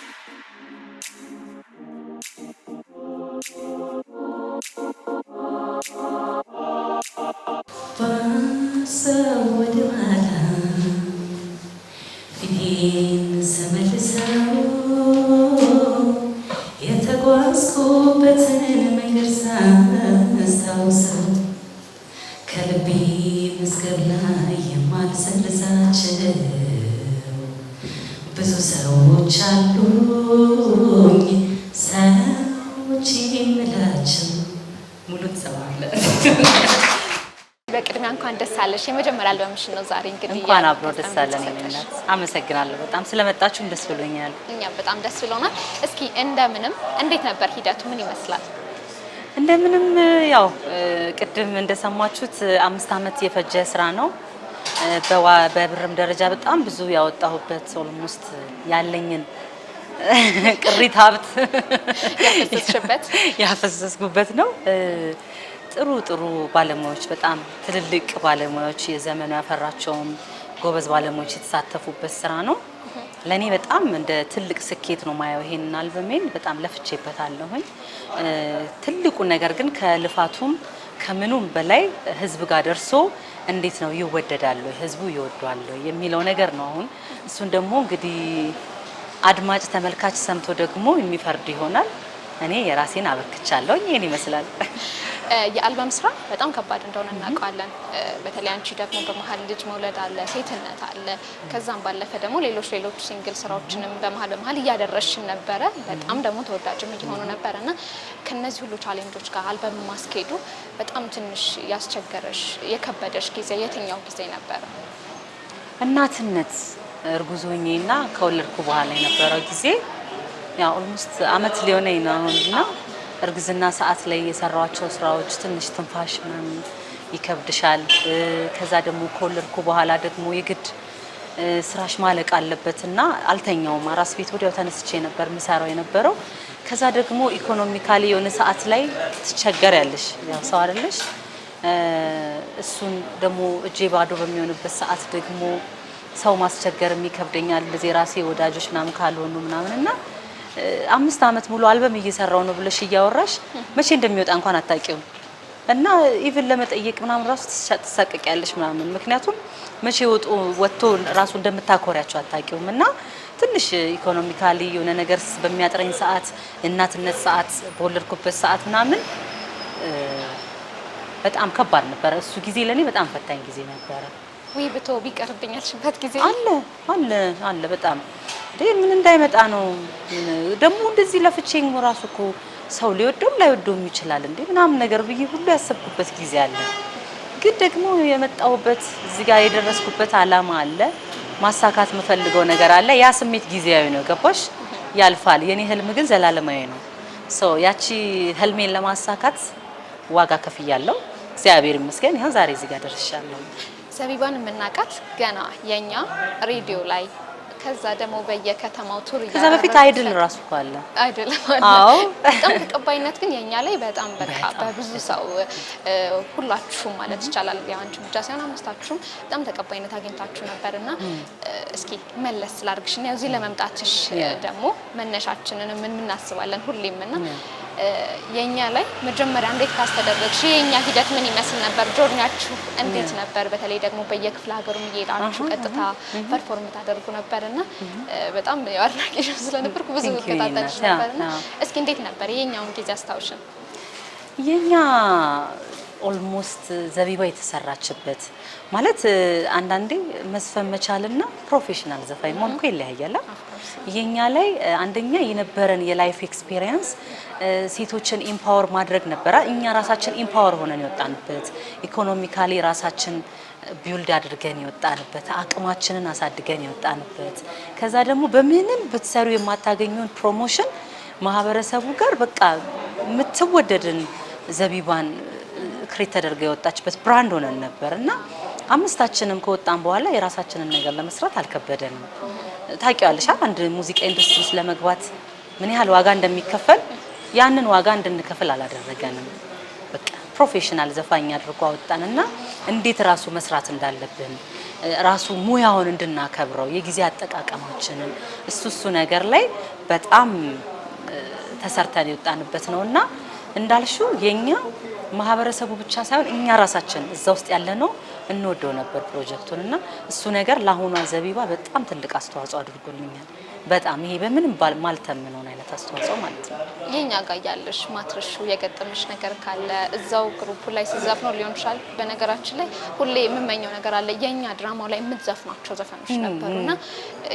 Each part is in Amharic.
Thank you. ብዙ ሰዎች አሉኝ ሰዎች የምላቸው ሙሉ በቅድሚያ እንኳን ደስ አለሽ። የመጀመሪያ አልበምሽን ነው ዛሬ እንግዲህ እንኳን አብሮ ደስ አለን። አመሰግናለሁ በጣም ስለመጣችሁም ደስ ብሎኛል። በጣም ደስ ብሎናል። እስኪ እንደምንም እንዴት ነበር ሂደቱ? ምን ይመስላል? እንደምንም ያው ቅድም እንደሰማችሁት አምስት አመት የፈጀ ስራ ነው በብርም ደረጃ በጣም ብዙ ያወጣሁበት ሰውም ውስጥ ያለኝን ቅሪት ሀብት ያፈሰስኩበት ነው። ጥሩ ጥሩ ባለሙያዎች በጣም ትልልቅ ባለሙያዎች የዘመኑ ያፈራቸውም ጎበዝ ባለሙያዎች የተሳተፉበት ስራ ነው። ለእኔ በጣም እንደ ትልቅ ስኬት ነው ማየው። ይሄንን አልበሜን በጣም ለፍቼበታለሁኝ። ትልቁ ነገር ግን ከልፋቱም ከምኑም በላይ ህዝብ ጋር ደርሶ እንዴት ነው ይወደዳሉ፣ ህዝቡ ይወዷሉ የሚለው ነገር ነው። አሁን እሱን ደግሞ እንግዲህ አድማጭ ተመልካች ሰምቶ ደግሞ የሚፈርድ ይሆናል። እኔ የራሴን አበክቻለሁ። ይሄን ይመስላል። የአልበም ስራ በጣም ከባድ እንደሆነ እናውቀዋለን። በተለይ አንቺ ደግሞ በመሀል ልጅ መውለድ አለ፣ ሴትነት አለ። ከዛም ባለፈ ደግሞ ሌሎች ሌሎች ሲንግል ስራዎችንም በመሀል በመሀል እያደረሽን ነበረ። በጣም ደግሞ ተወዳጅም እየሆኑ ነበረ እና ከነዚህ ሁሉ ቻሌንጆች ጋር አልበም ማስኬዱ በጣም ትንሽ ያስቸገረሽ የከበደሽ ጊዜ የትኛው ጊዜ ነበረ? እናትነት እርጉዝ ሆኜ እና ከወለድኩ በኋላ የነበረው ጊዜ ኦልሞስት አመት ሊሆነኝ ነው እና እርግዝና ሰዓት ላይ የሰራቸው ስራዎች ትንሽ ትንፋሽ ምናምን ይከብድሻል። ከዛ ደግሞ ከወለድኩ በኋላ ደግሞ የግድ ስራሽ ማለቅ አለበት እና አልተኛውም። አራስ ቤት ወዲያው ተነስቼ ነበር ምሰራው የነበረው። ከዛ ደግሞ ኢኮኖሚካሊ የሆነ ሰዓት ላይ ትቸገር ያለሽ ያው ሰው አይደለሽ። እሱን ደግሞ እጄ ባዶ በሚሆንበት ሰዓት ደግሞ ሰው ማስቸገርም ይከብደኛል። እንደዚህ ራሴ ወዳጆች ምናምን ካልሆኑ ምናምን እና አምስት ዓመት ሙሉ አልበም እየሰራው ነው ብለሽ እያወራሽ መቼ እንደሚወጣ እንኳን አታውቂውም። እና ኢቭን ለመጠየቅ ምናምን ራሱ ትሳቀቂያለሽ ምናምን ምክንያቱም መቼ ወጡ ወጥቶ ራሱ እንደምታኮሪያቸው አታውቂውም። እና ትንሽ ኢኮኖሚካሊ የሆነ ነገር በሚያጥረኝ ሰዓት፣ እናትነት ሰዓት፣ በወለድኩበት ሰዓት ምናምን በጣም ከባድ ነበረ። እሱ ጊዜ ለእኔ በጣም ፈታኝ ጊዜ ነበረ። ወይ ብቶ ቢቀርብኝ ያልሽበት ጊዜ አለ አለ አለ። በጣም ምን እንዳይመጣ ነው ደግሞ እንደዚህ ለፍቼኝ ራሱ እኮ ሰው ሊወደውም ላይወደውም ይችላል እንዴ ምናምን ነገር ብዬ ሁሉ ያሰብኩበት ጊዜ አለ። ግን ደግሞ የመጣሁበት እዚህ ጋር የደረስኩበት አላማ አለ፣ ማሳካት የምፈልገው ነገር አለ። ያ ስሜት ጊዜያዊ ነው፣ ገባሽ? ያልፋል። የኔ ህልም ግን ዘላለማዊ ነው። ሰው ያቺ ህልሜን ለማሳካት ዋጋ ከፍያለሁ። እግዚአብሔር ይመስገን፣ ይኸው ዛሬ እዚህ ጋር ደርሻለሁ። ዘቢባን የምናውቃት ገና የኛ ሬዲዮ ላይ ከዛ ደግሞ በየከተማው ቱር ከዛ በፊት አይድል ራሱ ካለ አይድል አዎ በጣም ተቀባይነት ግን የኛ ላይ በጣም በቃ በብዙ ሰው ሁላችሁም ማለት ይቻላል የአንቺ ብቻ ሳይሆን አምስታችሁም በጣም ተቀባይነት አግኝታችሁ ነበር እና እስኪ መለስ ስላርግሽ እና እዚህ ለመምጣትሽ ደግሞ መነሻችንን ምን የምናስባለን ሁሌም እና የኛ ላይ መጀመሪያ እንዴት ካስተደረግሽ የኛ ሂደት ምን ይመስል ነበር? ጆርኒያችሁ እንዴት ነበር? በተለይ ደግሞ በየክፍለ ሀገሩ እየሄዳችሁ ቀጥታ ፐርፎርም ታደርጉ ነበር እና በጣም አድናቂ ስለነበርኩ ብዙ እከታተልሽ ነበር እና እስኪ እንዴት ነበር የኛውን ጊዜ አስታውሽን? የኛ ኦልሞስት ዘቢባ የተሰራችበት ማለት አንዳንዴ መዝፈን መቻልና ፕሮፌሽናል ዘፋኝ መሆን እኮ ይለያያል። የኛ ላይ አንደኛ የነበረን የላይፍ ኤክስፒሪየንስ ሴቶችን ኢምፓወር ማድረግ ነበረ። እኛ ራሳችን ኢምፓወር ሆነን የወጣንበት ኢኮኖሚካሊ ራሳችን ቢውልድ አድርገን የወጣንበት አቅማችንን አሳድገን የወጣንበት ከዛ ደግሞ በምንም ብትሰሩ የማታገኙን ፕሮሞሽን ማህበረሰቡ ጋር በቃ የምትወደድን ዘቢባን ክሬት ተደርጋ የወጣችበት ብራንድ ሆነን ነበር እና አምስታችንም ከወጣን በኋላ የራሳችንን ነገር ለመስራት አልከበደንም። ታውቂዋለሽ፣ አንድ ሙዚቃ ኢንዱስትሪ ውስጥ ለመግባት ምን ያህል ዋጋ እንደሚከፈል ያንን ዋጋ እንድንከፍል አላደረገንም። በቃ ፕሮፌሽናል ዘፋኝ አድርጎ አወጣን እና እንዴት ራሱ መስራት እንዳለብን ራሱ ሙያውን እንድናከብረው የጊዜ አጠቃቀማችንን እሱ እሱ ነገር ላይ በጣም ተሰርተን የወጣንበት ነው እና እንዳልሹ የኛ ማህበረሰቡ ብቻ ሳይሆን እኛ ራሳችን እዛ ውስጥ ያለ ነው እንወደው ነበር ፕሮጀክቱን እና እሱ ነገር ለአሁኗ ዘቢባ በጣም ትልቅ አስተዋጽኦ አድርጎልኛል። በጣም ይሄ በምንም ማልተምነውን አይነት አስተዋጽኦ ማለት ነው። ይሄኛ ጋ ያለሽ ማትረሹ የገጠመሽ ነገር ካለ እዛው ግሩፕ ላይ ሲዘፍነው ሊሆን ይችላል። በነገራችን ላይ ሁሌ የምመኘው ነገር አለ። የኛ ድራማው ላይ የምትዘፍናቸው ዘፈኖች ነበሩ እና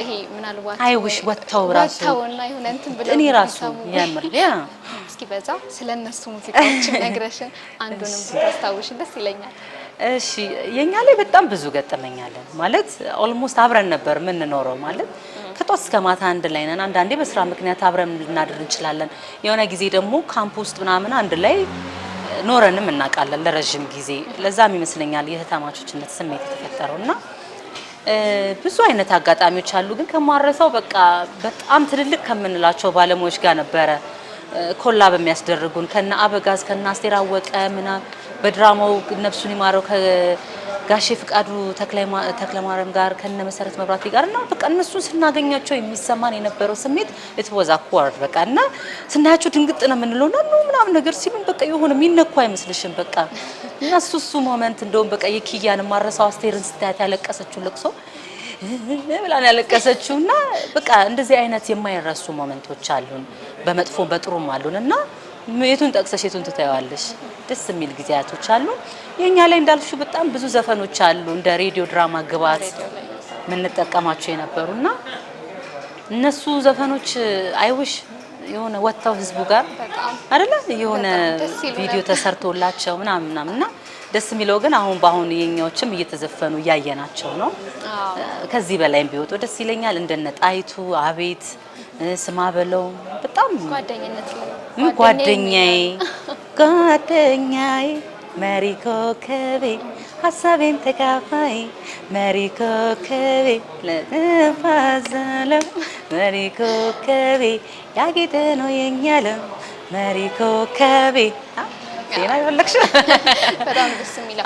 ይሄ ምናልባት አይውሽ ወጥተው ራሱ ወጥተውና ይሁን እንትን ብለው እኔ ራሱ ያምር ያ እስኪ በዛ ስለነሱ ሙዚቃዎች ነግረሽን አንዱንም ብታስታውሽ ደስ ይለኛል። እሺ የኛ ላይ በጣም ብዙ ገጠመኛለን ማለት ኦልሞስት አብረን ነበር የምንኖረው ማለት ከጧት እስከ ማታ አንድ ላይ ነን። አንዳንዴ በስራ ምክንያት አብረን ልናድር እንችላለን። የሆነ ጊዜ ደግሞ ካምፕ ውስጥ ምናምን አንድ ላይ ኖረንም እናውቃለን ለረዥም ጊዜ። ለዛም ይመስለኛል የህተማቾችነት ስሜት የተፈጠረው እና ብዙ አይነት አጋጣሚዎች አሉ። ግን ከማረሰው በቃ በጣም ትልልቅ ከምንላቸው ባለሙያዎች ጋር ነበረ ኮላ በሚያስደርጉን ከነ አበጋዝ ከነ አስቴር አወቀ ምናምን በድራማው ነፍሱን ይማረው ጋሼ ፍቃዱ ተክለማርያም ጋር ከነ መሰረት መብራቴ ጋር እና በቃ እነሱን ስናገኛቸው የሚሰማን የነበረው ስሜት የተወዛ አኳርድ በቃ እና ስናያቸው ድንግጥ ነው የምንለው ና እና ምናምን ነገር ሲሉን በቃ የሆነ የሚነኩ አይመስልሽም በቃ እና እሱ እሱ ሞመንት እንደውም በቃ የኪያን ማረሳው አስቴርን ስታያት ያለቀሰችው ልቅሶ ብላን ያለቀሰችው እና በቃ እንደዚህ አይነት የማይረሱ ሞመንቶች አሉን። በመጥፎ በጥሩም አሉን እና የቱን ጠቅሰሽ የቱን ትተዋለሽ? ደስ የሚል ጊዜያቶች አሉ። የኛ ላይ እንዳልሹ በጣም ብዙ ዘፈኖች አሉ እንደ ሬዲዮ ድራማ ግብዓት የምንጠቀማቸው የነበሩና እነሱ ዘፈኖች አይውሽ የሆነ ወጥተው ህዝቡ ጋር አይደለ የሆነ ቪዲዮ ተሰርቶላቸው ምናምን ምናምን እና ደስ የሚለው ግን አሁን በአሁን የኛዎችም እየተዘፈኑ እያየናቸው ነው። ከዚህ በላይም ቢወጡ ደስ ይለኛል። እንደነ ጣይቱ አቤት ስማ በለው በጣም ጓደኝነት ጓደኛዬ ጓደኛዬ መሪ ኮከቤ ሀሳቤን ተካፋይ መሪ ኮከቤ ለፋዘለም መሪ ኮከቤ ያጌጠ ነው የኛለም መሪ ኮከቤ ጤና ይፈለግሽ። በጣም ደስ የሚለው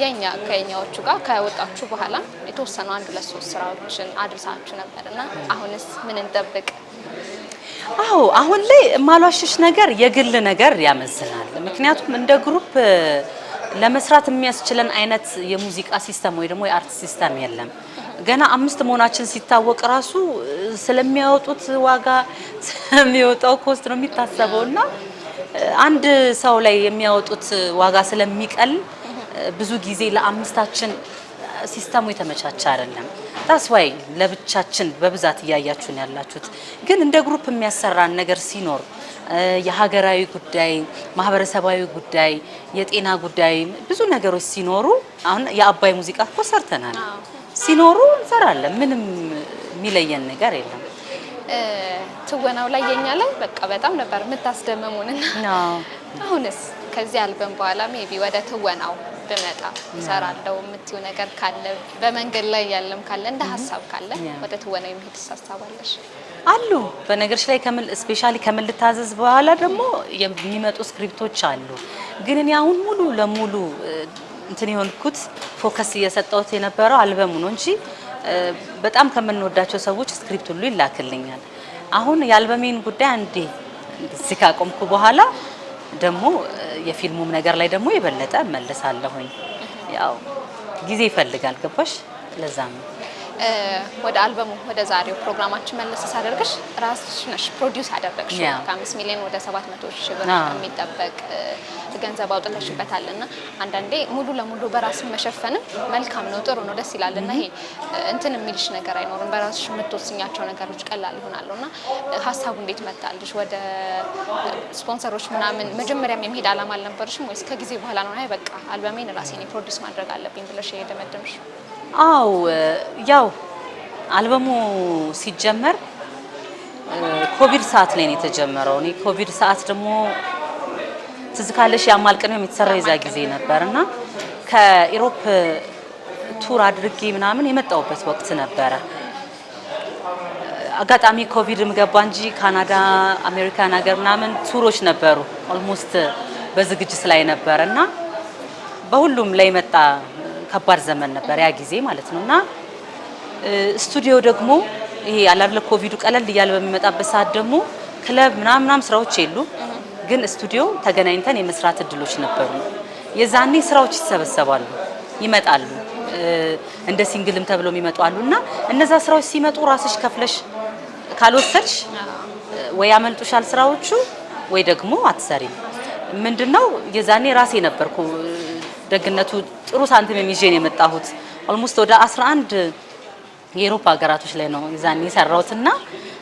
የኛ ከኛዎቹ ጋር ከወጣችሁ በኋላ የተወሰኑ አንድ ሁለት ሶስት ስራዎችን አድርሳችሁ ነበር እና አሁንስ ምን እንጠብቅ? አዎ አሁን ላይ ማሏሽሽ ነገር የግል ነገር ያመዝናል። ምክንያቱም እንደ ግሩፕ ለመስራት የሚያስችለን አይነት የሙዚቃ ሲስተም ወይ ደግሞ የአርት ሲስተም የለም። ገና አምስት መሆናችን ሲታወቅ ራሱ ስለሚያወጡት ዋጋ ስለሚወጣው ኮስት ነው የሚታሰበውና አንድ ሰው ላይ የሚያወጡት ዋጋ ስለሚቀል ብዙ ጊዜ ለአምስታችን ሲስተሙ የተመቻቸ አይደለም። ታስዋይ ለብቻችን በብዛት እያያችሁን ያላችሁት ግን እንደ ግሩፕ የሚያሰራን ነገር ሲኖር የሀገራዊ ጉዳይ፣ ማህበረሰባዊ ጉዳይ፣ የጤና ጉዳይ ብዙ ነገሮች ሲኖሩ አሁን የአባይ ሙዚቃ እኮ ሰርተናል ሲኖሩ እንሰራለን። ምንም የሚለየን ነገር የለም። ትወናው ላይ የኛ ላይ በቃ በጣም ነበር የምታስደምሙንና አሁንስ ከዚህ አልበም በኋላ ሜቢ ወደ ትወናው ብመጣ እሰራለሁ የምትይው ነገር ካለ በመንገድ ላይ ያለም ካለ እንደ ሀሳብ ካለ ወደ ትወና የሚሄድ ሳሳባለሽ አሉ። በነገሮች ላይ ስፔሻሊ ከምን ልታዘዝ በኋላ ደግሞ የሚመጡ ስክሪፕቶች አሉ። ግን እኔ አሁን ሙሉ ለሙሉ እንትን የሆንኩት ፎከስ እየሰጠሁት የነበረው አልበሙ ነው እንጂ በጣም ከምንወዳቸው ሰዎች ስክሪፕት ሁሉ ይላክልኛል። አሁን የአልበሜን ጉዳይ አንዴ እዚህ ካቆምኩ በኋላ ደግሞ የፊልሙም ነገር ላይ ደግሞ የበለጠ መልሳለሁኝ። ያው ጊዜ ይፈልጋል ገባሽ? ለዛም ነው ወደ አልበሙ ወደ ዛሬው ፕሮግራማችን መለስ ሳደርግሽ ራስሽ ነሽ ፕሮዲውስ አደረግሽ። ከአምስት ሚሊዮን ወደ ሰባት መቶ ሺህ ብር የሚጠበቅ ገንዘብ አውጥተሽበታል እና አንዳንዴ ሙሉ ለሙሉ በራስ መሸፈንም መልካም ነው፣ ጥሩ ነው፣ ደስ ይላል እና ይሄ እንትን የሚልሽ ነገር አይኖርም። በራስሽ የምትወስኛቸው ነገሮች ቀላል ይሆናሉ እና ሀሳቡ እንዴት መጣልሽ? ወደ ስፖንሰሮች ምናምን መጀመሪያም የሚሄድ አላማ አልነበርሽም ወይስ ከጊዜ በኋላ ነው በቃ አልበሜን ራሴን ፕሮዲውስ ማድረግ አለብኝ ብለሽ የደመደምሽ? አው ያው አልበሙ ሲጀመር ኮቪድ ሰዓት ላይ ነው የተጀመረው። እኔ ኮቪድ ሰዓት ደግሞ ትዝ ካለሽ ያማልቅ ነው የዛ ጊዜ ነበርና ከኢሮፕ ቱር አድርጌ ምናምን የመጣውበት ወቅት ነበረ። አጋጣሚ ኮቪድም ገባ እንጂ ካናዳ፣ አሜሪካን ሀገር ምናምን ቱሮች ነበሩ። ኦልሞስት በዝግጅት ላይ ነበረ እና በሁሉም ላይ መጣ ከባድ ዘመን ነበር ያ ጊዜ ማለት ነው እና ስቱዲዮ ደግሞ ይሄ አላለ ኮቪዱ ቀለል እያለ በሚመጣበት ሰዓት ደግሞ ክለብ ምናምን ምናምን ስራዎች የሉ፣ ግን ስቱዲዮ ተገናኝተን የመስራት እድሎች ነበሩ። የዛኔ ስራዎች ይሰበሰባሉ፣ ይመጣሉ። እንደ ሲንግልም ተብሎ የሚመጡ አሉ እና እነዛ ስራዎች ሲመጡ ራስሽ ከፍለሽ ካልወሰድሽ ወይ ያመልጡሻል ስራዎቹ ወይ ደግሞ አትሰሪም። ምንድነው የዛኔ ራሴ ነበርኩ ደግነቱ ጥሩ ሳንቲም ይዤ ነው የመጣሁት። ኦልሞስት ወደ 11 የአውሮፓ ሀገራቶች ላይ ነው የዛኔ የሰራሁትና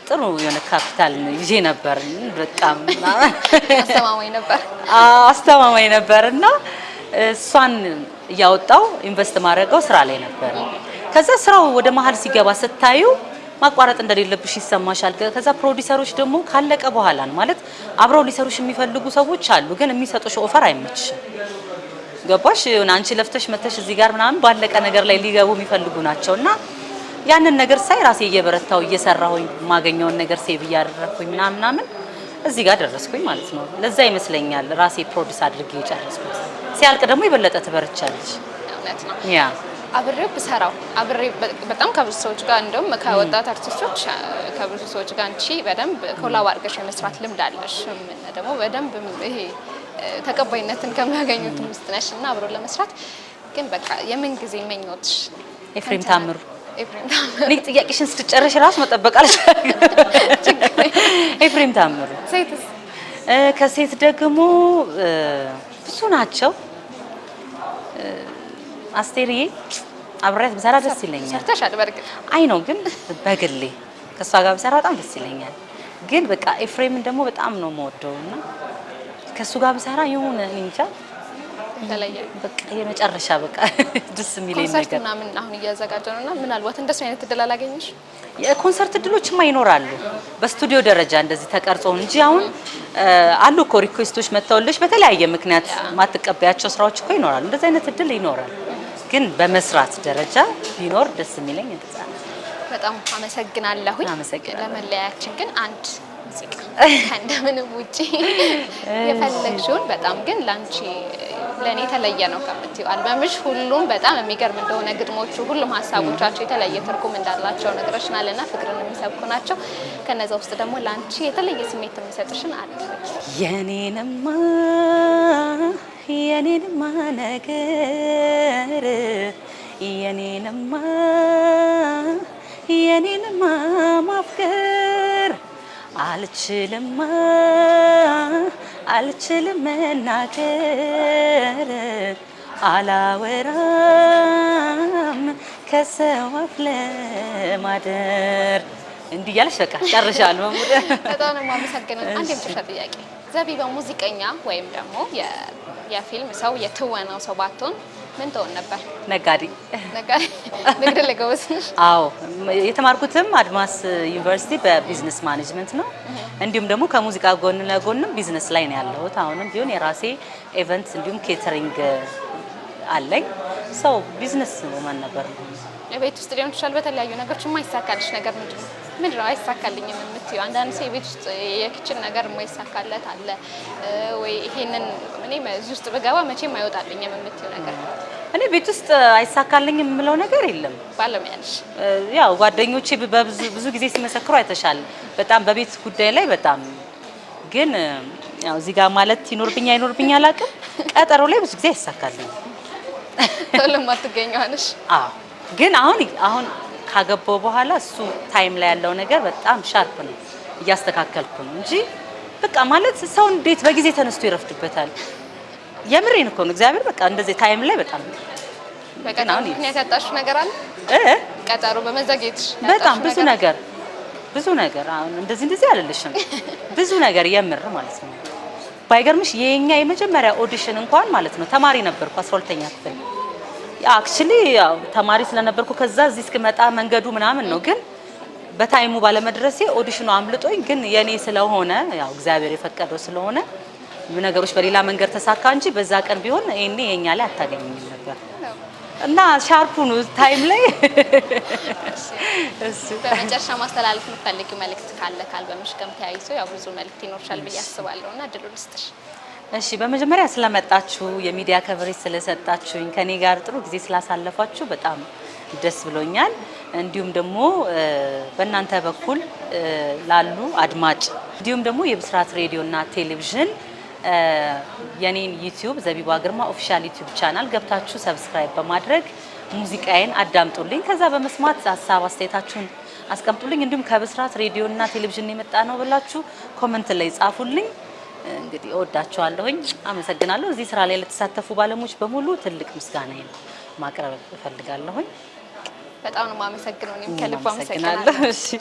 ጥሩ የሆነ ካፒታል ይዤ ነበር። በጣም አስተማማኝ ነበር አስተማማኝ ነበር እና እሷን እያወጣው ኢንቨስት ማድረገው ስራ ላይ ነበር። ከዛ ስራው ወደ መሀል ሲገባ ስታዩ ማቋረጥ እንደሌለብሽ ይሰማሻል። ከዛ ፕሮዲሰሮች ደግሞ ካለቀ በኋላ ማለት አብረው ሊሰሩሽ የሚፈልጉ ሰዎች አሉ፣ ግን የሚሰጡሽ ኦፈር አይመችሽም። ገባሽ የሆነ አንቺ ለፍተሽ መተሽ እዚህ ጋር ምናምን ባለቀ ነገር ላይ ሊገቡ የሚፈልጉ ናቸው እና ያንን ነገር ሳይ ራሴ እየበረታው እየሰራሁኝ የማገኘውን ነገር ሴቭ እያደረግኩኝ ምናምን ምናምን እዚህ ጋር ደረስኩኝ ማለት ነው። ለዛ ይመስለኛል ራሴ ፕሮዲስ አድርጌ የጨረስኩት። ሲያልቅ ደግሞ የበለጠ ትበርቻለች። ያ አብሬው ብሰራው አብሬ በጣም ከብዙ ሰዎች ጋር እንደውም ከወጣት አርቲስቶች ከብዙ ሰዎች ጋር አንቺ በደንብ ኮላብ አድርገሽ የመስራት ልምድ አለሽ። ደግሞ በደንብ ይሄ ተቀባይነትን ከሚያገኙትም ውስጥ ነሽ እና አብሮ ለመስራት ግን በቃ የምን ጊዜ መኞትሽ? ኤፍሬም ታምሩ እኔ ጥያቄሽን ስትጨርሽ ራሱ መጠበቅ ኤፍሬም ታምሩ። ሴትስ? ከሴት ደግሞ ብዙ ናቸው። አስቴርዬ አብሬያት ብሰራ ደስ ይለኛል። አይ ነው ግን በግሌ ከእሷ ጋር ብሰራ በጣም ደስ ይለኛል። ግን በቃ ኤፍሬምን ደግሞ በጣም ነው የምወደውና ከእሱ ጋር ብሰራ የሆነ እንጃ በቃ የመጨረሻ በቃ ደስ የሚለኝ ነገር ኮንሰርት ምናምን አሁን እያዘጋጀ ነው እና ምናልባት እንደሱ አይነት እድል አላገኘሽ? የኮንሰርት እድሎችማ ይኖራሉ በስቱዲዮ ደረጃ እንደዚህ ተቀርጾ እንጂ አሁን አሉ እኮ ሪኩዌስቶች መጥተውልሽ በተለያየ ምክንያት ማትቀበያቸው ስራዎች እኮ ይኖራሉ። እንደዚህ አይነት እድል ይኖራል። ግን በመስራት ደረጃ ቢኖር ደስ የሚለኝ እንደዛ። በጣም አመሰግናለሁ። ለመለያችን ግን አንድ ሙዚቃ ከእንደምንም ውጪ የፈለግሽውን በጣም ግን ላንቺ ለእኔ የተለየ ነው ከምትይው አልበምሽ ሁሉም በጣም የሚገርም እንደሆነ ግጥሞቹ፣ ሁሉም ሀሳቦቻቸው የተለየ ትርጉም እንዳላቸው ነግረሽናል እና ፍቅርን የሚሰብኩ ናቸው። ከነዛ ውስጥ ደግሞ ለአንቺ የተለየ ስሜት የሚሰጥሽን አድርግ። የኔንማ የኔንማ ነገር የኔንማ የኔንማ ማፍቀር አልችልም አልችልም መናገር አላወራም ከሰው አፍ ለማደር እንዲህ እያለሽ በቃ ጨርሻለሁ። በጣም ነው የማመሰግነው። አንድ የመጨረሻ ጥያቄ ዘቢባ ሙዚቀኛ ወይም ደግሞ የፊልም ሰው የትወናው ሰው ባትሆን ምን ትሆን ነበር? ነጋዴ። ነጋዴ ንግድ ላይ ጎበዝ ነሽ? አዎ፣ የተማርኩትም አድማስ ዩኒቨርሲቲ በቢዝነስ ማኔጅመንት ነው። እንዲሁም ደግሞ ከሙዚቃ ጎን ለጎንም ቢዝነስ ላይ ነው ያለሁት። አሁንም ቢሆን የራሴ ኢቨንት እንዲሁም ኬተሪንግ አለኝ። ሰው ቢዝነስ ማን ነበር ቤት ውስጥ ሊሆን ይችላል በተለያዩ ነገሮች የማይሳካልሽ ነገር ምንድን ነው? ምንድን አይሳካልኝም የምትይው? አንዳንድ ሰው የቤት ውስጥ የክችን ነገር የማይሳካለት አለ ወይ? ይሄንን እኔ እዚህ ውስጥ ብገባ መቼም አይወጣልኝም የምትይው ነገር እኔ ቤት ውስጥ አይሳካልኝም የምለው ነገር የለም። ባለሙያንሽ ያው ጓደኞቼ ብዙ ጊዜ ሲመሰክሩ አይተሻል። በጣም በቤት ጉዳይ ላይ በጣም ግን ያው እዚህ ጋር ማለት ይኖርብኝ አይኖርብኝ አላውቅም። ቀጠሮ ላይ ብዙ ጊዜ አይሳካልኝም። ቶሎ የማትገኘዋ አዎ ግን አሁን አሁን ካገባው በኋላ እሱ ታይም ላይ ያለው ነገር በጣም ሻርፕ ነው፣ እያስተካከልኩ ነው እንጂ በቃ ማለት ሰው እንዴት በጊዜ ተነስቶ ይረፍድበታል? የምሬን እኮ ነው። እግዚአብሔር በቃ እንደዚህ ታይም ላይ በጣም ቀጠሮ በመዘግየትሽ በጣም ብዙ ነገር ብዙ ነገር አሁን እንደዚህ እንደዚህ አለልሽም ብዙ ነገር የምር ማለት ነው። ባይገርምሽ የኛ የመጀመሪያ ኦዲሽን እንኳን ማለት ነው ተማሪ ነበርኩ አስራ ሁለተኛ ክፍል አክቹሊ ያው ተማሪ ስለነበርኩ ከዛ እዚህ እስክመጣ መንገዱ ምናምን ነው። ግን በታይሙ ባለመድረሴ ኦዲሽኑ አምልጦኝ፣ ግን የኔ ስለሆነ ያው እግዚአብሔር የፈቀደው ስለሆነ ነገሮች በሌላ መንገድ ተሳካ እንጂ በዛ ቀን ቢሆን ይሄኔ የኛ ላይ አታገኝም ነበር እና ሻርፑኑ ታይም ላይ እሱ በመጨረሻ ማስተላለፍ የምትፈልጊው መልእክት ካለ ካልበምሽ ገም ተያይዞ ያው ብዙ መልእክት ይኖርሻል ብዬ አስባለሁ እና ድሉ ልስጥሽ። እሺ በመጀመሪያ ስለመጣችሁ የሚዲያ ከቨሬጅ ስለሰጣችሁኝ ከኔ ጋር ጥሩ ጊዜ ስላሳለፋችሁ በጣም ደስ ብሎኛል። እንዲሁም ደግሞ በእናንተ በኩል ላሉ አድማጭ እንዲሁም ደግሞ የብስራት ሬዲዮ ና ቴሌቪዥን የኔን ዩቲዩብ ዘቢባ ግርማ ኦፊሻል ዩቲዩብ ቻናል ገብታችሁ ሰብስክራይብ በማድረግ ሙዚቃዬን አዳምጡልኝ። ከዛ በመስማት ሀሳብ አስተያየታችሁን አስቀምጡልኝ። እንዲሁም ከብስራት ሬዲዮና ቴሌቪዥን የመጣ ነው ብላችሁ ኮመንት ላይ ጻፉልኝ። እንግዲህ እወዳቸዋለሁኝ። አመሰግናለሁ። እዚህ ስራ ላይ ለተሳተፉ ባለሙያዎች በሙሉ ትልቅ ምስጋና ነው ማቅረብ እፈልጋለሁኝ። በጣም ነው የማመሰግነው። እኔም ከልብ አመሰግናለሁ። እሺ